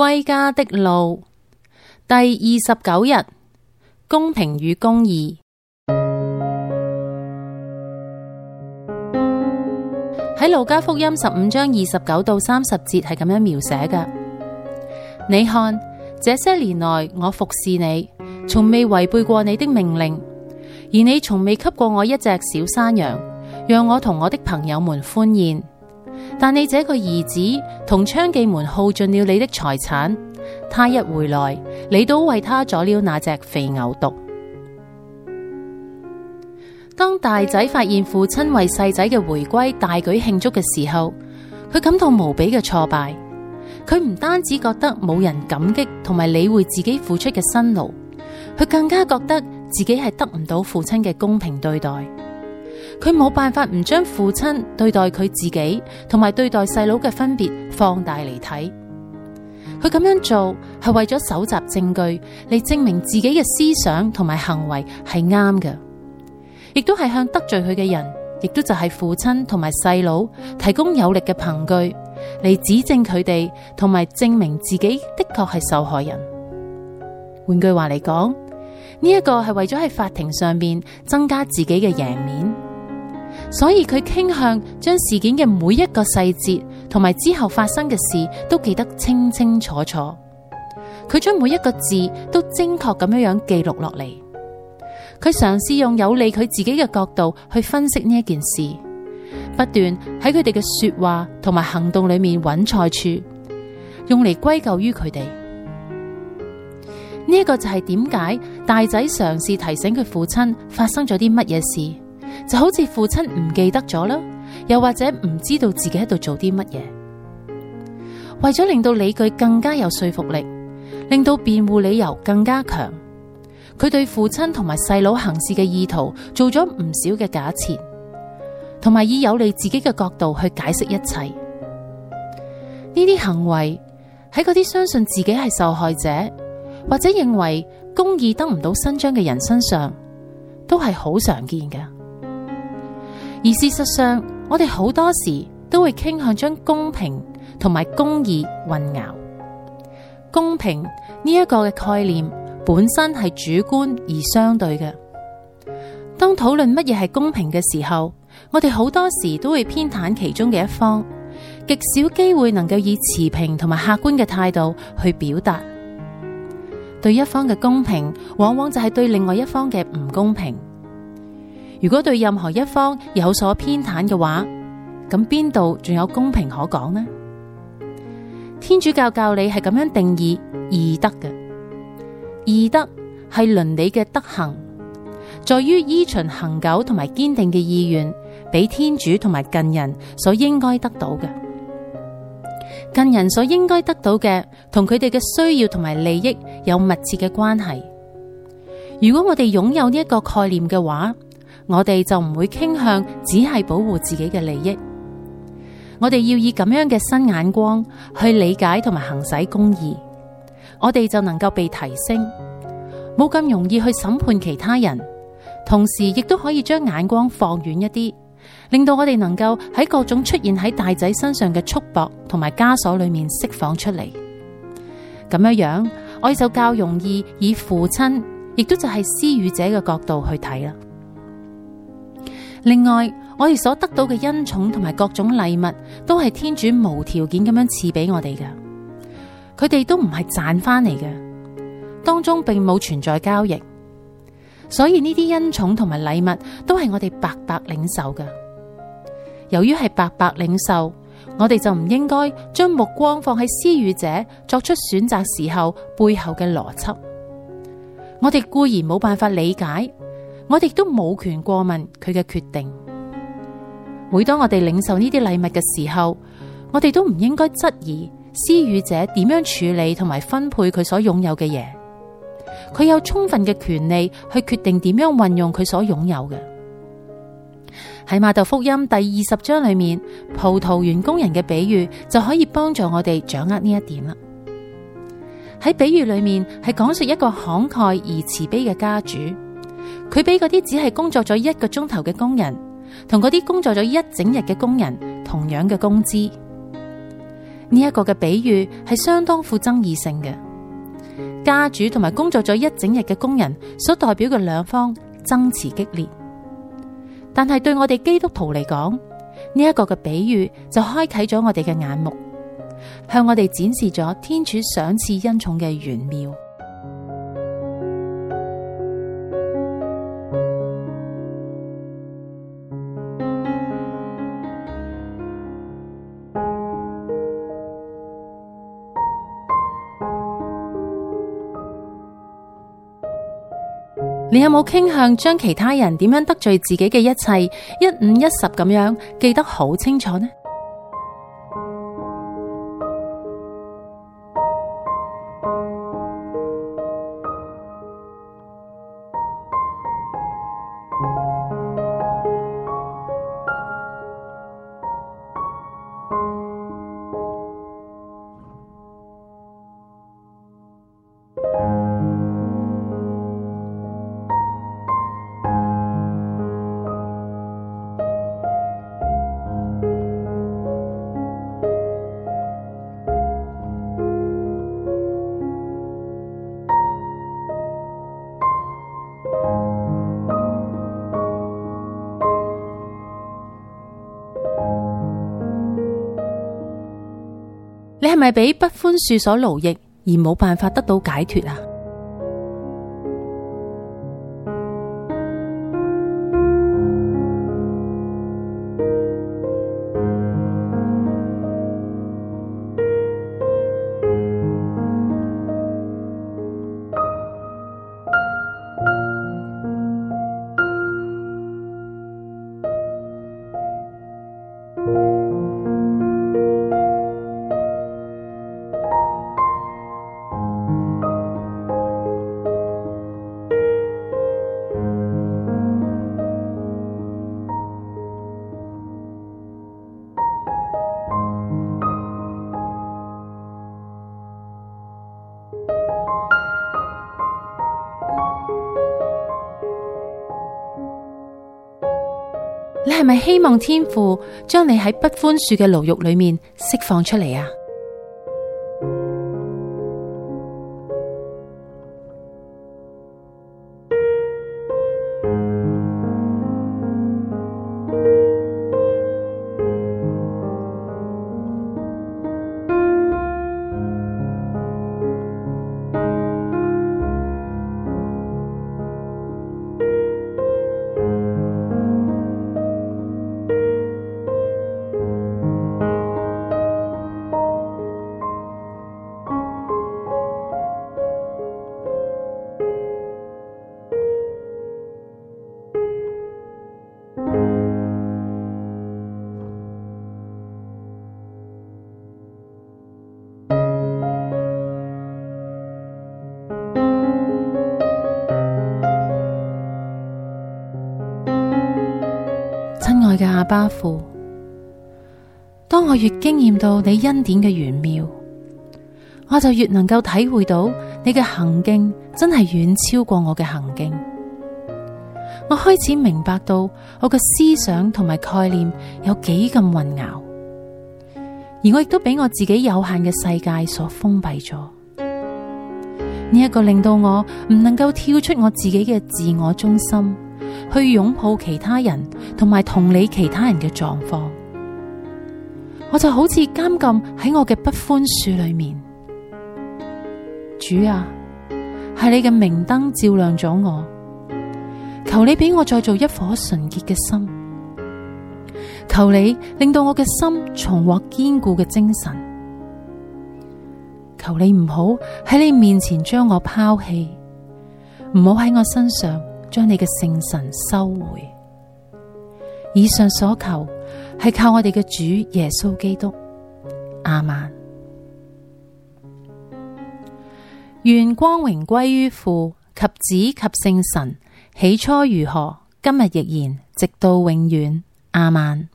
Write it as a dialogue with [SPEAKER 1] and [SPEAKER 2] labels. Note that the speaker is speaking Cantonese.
[SPEAKER 1] 歸家的路第二十九日，公平與公義，喺路加福音十五章二十九到三十節係咁樣描寫嘅。你看，這些年來我服侍你，從未違背過你的命令，而你從未給過我一隻小山羊，讓我同我的朋友們歡宴。但你這個兒子同娼妓們耗盡了你的財產，他一回來，你都為他宰了那隻肥牛犢。當大仔發現父親為細仔嘅回歸大舉慶祝嘅時候，佢感到無比嘅挫敗。佢唔單止覺得冇人感激同埋理會自己付出嘅辛勞，佢更加覺得自己係得唔到父親嘅公平對待。佢冇辦法唔將父親對待佢自己同埋對待細佬嘅分別放大嚟睇。佢咁樣做係為咗搜集證據嚟證明自己嘅思想同埋行為係啱嘅，亦都係向得罪佢嘅人，亦都就係父親同埋細佬提供有力嘅憑據嚟指證佢哋，同埋證明自己的確係受害人。換句話嚟講，呢一個係為咗喺法庭上面增加自己嘅贏面。所以佢傾向將事件嘅每一個細節同埋之後發生嘅事都記得清清楚楚。佢將每一個字都精確咁樣樣記錄落嚟。佢嘗試用有利佢自己嘅角度去分析呢一件事，不斷喺佢哋嘅說話同埋行動裏面揾錯處，用嚟歸咎於佢哋。呢一個就係點解大仔嘗試提醒佢父親發生咗啲乜嘢事。就好似父親唔記得咗啦，又或者唔知道自己喺度做啲乜嘢。為咗令到理據更加有說服力，令到辯護理由更加強，佢對父親同埋細佬行事嘅意圖做咗唔少嘅假設，同埋以有利自己嘅角度去解釋一切。呢啲行為喺嗰啲相信自己係受害者，或者認為公義得唔到伸張嘅人身上，都係好常見嘅。而事實上，我哋好多時都會傾向將公平同埋公義混淆。公平呢一個嘅概念本身係主觀而相對嘅。當討論乜嘢係公平嘅時候，我哋好多時都會偏袒其中嘅一方，極少機會能夠以持平同埋客觀嘅態度去表達。對一方嘅公平，往往就係對另外一方嘅唔公平。如果對任何一方有所偏袒嘅話，咁邊度仲有公平可講呢？天主教教理係咁樣定義義德嘅，義德係倫理嘅德行，在於依循恒久同埋堅定嘅意願，俾天主同埋近人所應該得到嘅。近人所應該得到嘅，同佢哋嘅需要同埋利益有密切嘅關係。如果我哋擁有呢一個概念嘅話。我哋就唔會傾向只係保護自己嘅利益。我哋要以咁樣嘅新眼光去理解同埋行使公義，我哋就能夠被提升，冇咁容易去審判其他人。同時亦都可以將眼光放遠一啲，令到我哋能夠喺各種出現喺大仔身上嘅束縛同埋枷鎖裏面釋放出嚟。咁樣樣，我哋就較容易以父親，亦都就係施予者嘅角度去睇啦。另外，我哋所得到嘅恩寵同埋各種禮物，都係天主無條件咁樣賜俾我哋嘅，佢哋都唔係賺翻嚟嘅，當中並冇存在交易，所以呢啲恩寵同埋禮物都係我哋白白領受嘅。由於係白白領受，我哋就唔應該將目光放喺施予者作出選擇時候背後嘅邏輯，我哋固然冇辦法理解。我哋都冇權過問佢嘅決定。每當我哋領受呢啲禮物嘅時候，我哋都唔應該質疑施予者點樣處理同埋分配佢所擁有嘅嘢。佢有充分嘅權利去決定點樣運用佢所擁有嘅。喺馬竇福音第二十章裏面，葡萄園工人嘅比喻就可以幫助我哋掌握呢一點啦。喺比喻裏面，係講述一個慷慨而慈悲嘅家主。佢俾嗰啲只係工作咗一個鐘頭嘅工人，同嗰啲工作咗一整日嘅工人同樣嘅工資。呢一個嘅比喻係相當富爭議性嘅。家主同埋工作咗一整日嘅工人所代表嘅兩方爭持激烈，但係對我哋基督徒嚟講，呢一個嘅比喻就開啟咗我哋嘅眼目，向我哋展示咗天主賞賜恩寵嘅玄妙。你有冇傾向將其他人點樣得罪自己嘅一切，一五一十咁樣，記得好清楚呢？係咪俾不寬恕所奴役，而冇辦法得到解脫啊？係咪希望天父將你喺不寬恕嘅牢獄裏面釋放出嚟啊？嘅阿爸父，當我越經驗到你恩典嘅玄妙，我就越能夠體會到你嘅行徑真係遠超過我嘅行徑。我開始明白到我嘅思想同埋概念有幾咁混淆，而我亦都俾我自己有限嘅世界所封閉咗。呢、這、一個令到我唔能夠跳出我自己嘅自我中心，去擁抱其他人，同埋同理其他人嘅狀況，我就好似監禁喺我嘅不寬恕裏面。主啊，係你嘅明燈照亮咗我，求你俾我再做一顆純潔嘅心，求你令到我嘅心重獲堅固嘅精神，求你唔好喺你面前將我拋棄，唔好喺我身上。將你嘅聖神收回。以上所求，係靠我哋嘅主耶穌基督。亞孟，願光榮歸於父及子及聖神。起初如何，今日亦然，直到永遠。亞孟。